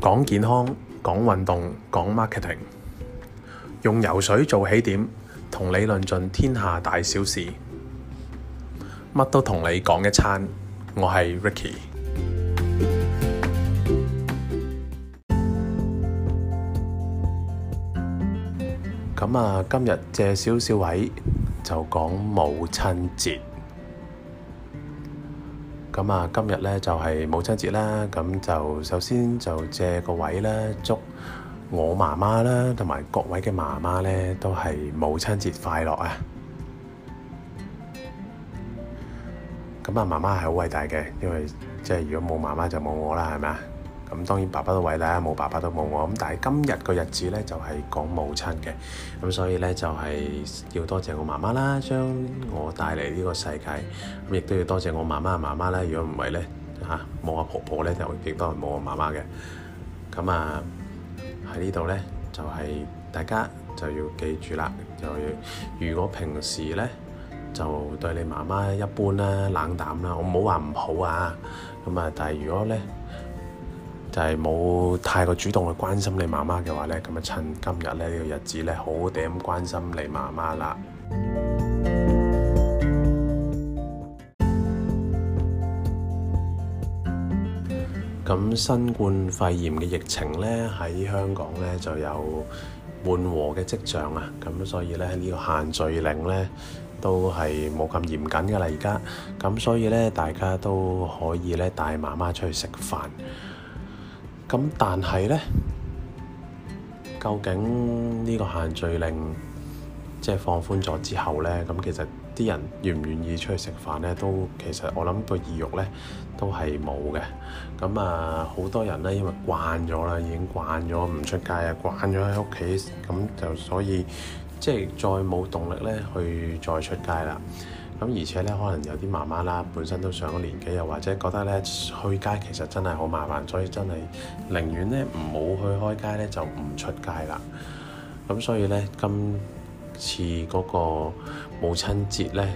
講健康，講運動，講 marketing，用游水做起點，同你論盡天下大小事，乜都同你講一餐。我係 Ricky，咁啊，今日借少少位就講母親節。咁啊，今日咧就係母親節啦，咁就首先就借個位啦，祝我媽媽啦，同埋各位嘅媽媽咧，都係母親節快樂啊！咁啊，媽媽係好偉大嘅，因為即係如果冇媽媽就冇我啦，係咪啊？咁當然爸爸都偉大啦，冇爸爸都冇我。咁但係今日個日子咧就係、是、講母親嘅，咁所以咧就係、是、要多謝我媽媽啦，將我帶嚟呢個世界。咁亦都要多謝我媽媽嘅媽媽啦，如果唔係咧嚇，冇、啊、阿婆婆咧、啊、就亦都係冇我媽媽嘅。咁啊喺呢度咧就係大家就要記住啦。又要如果平時咧就對你媽媽一般啦，冷淡啦，我冇話唔好啊。咁啊，但係如果咧～就係冇太過主動去關心你媽媽嘅話呢，咁啊，趁今日咧呢、呢個日子呢，好好地咁關心你媽媽啦。咁、嗯、新冠肺炎嘅疫情呢，喺香港呢就有緩和嘅跡象啊，咁所以呢，呢、呢個限聚令呢都係冇咁嚴謹嘅啦。而家咁所以呢，大家都可以呢帶媽媽出去食飯。咁但係呢，究竟呢個限聚令即係放寬咗之後呢，咁其實啲人願唔願意出去食飯呢？都其實我諗個意欲呢都係冇嘅。咁啊，好多人呢，因為慣咗啦，已經慣咗唔出街啊，慣咗喺屋企，咁就所以即係再冇動力呢，去再出街啦。咁而且咧，可能有啲媽媽啦，本身都上咗年紀，又或者覺得咧去街其實真係好麻煩，所以真係寧願咧唔好去開街咧，就唔出街啦。咁所以咧，今次嗰個母親節咧，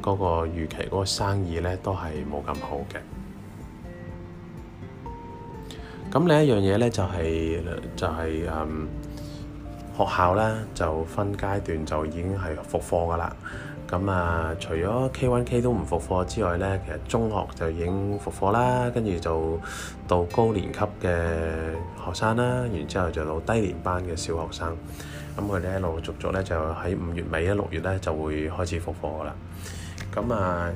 嗰個預期嗰個生意咧都係冇咁好嘅。咁另一樣嘢咧就係就係嗯。學校咧就分階段就已經係復課噶啦，咁啊除咗 K1K 都唔復課之外咧，其實中學就已經復課啦，跟住就到高年級嘅學生啦，然之後就到低年班嘅小學生，咁佢哋一路續續咧就喺五月尾啊六月咧就會開始復課噶啦，咁啊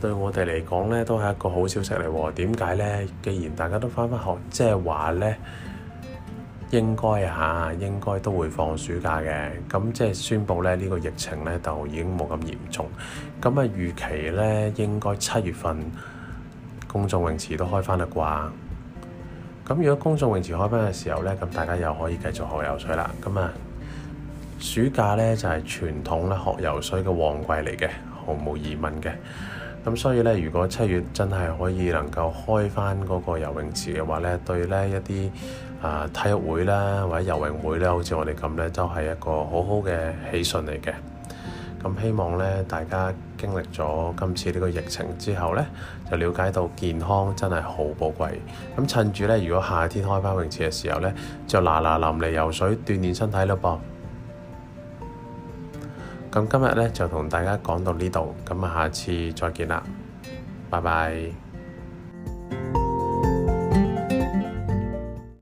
對我哋嚟講咧都係一個好消息嚟喎，點解咧？既然大家都返返學，即係話咧。應該嚇，應該都會放暑假嘅。咁即係宣布咧，呢、呢個疫情咧就已經冇咁嚴重。咁啊，預期咧應該七月份公眾泳池都開返啦啩。咁如果公眾泳池開返嘅時候咧，咁大家又可以繼續學游水啦。咁啊，暑假咧就係、係、傳統咧學游水嘅旺季嚟嘅，毫無疑問嘅。咁所以咧，如果七月真係可以能夠開返嗰個游泳池嘅話咧，對咧一啲。啊！體育會啦，或者游泳會咧，好似我哋咁咧，都係一個好好嘅喜訊嚟嘅。咁希望咧，大家經歷咗今次呢個疫情之後咧，就了解到健康真係好寶貴。咁趁住咧，如果夏天開返泳池嘅時候咧，就嗱嗱臨嚟游水鍛鍊身體咯噃。咁今日咧就同大家講到呢度，咁下次再見啦，拜拜。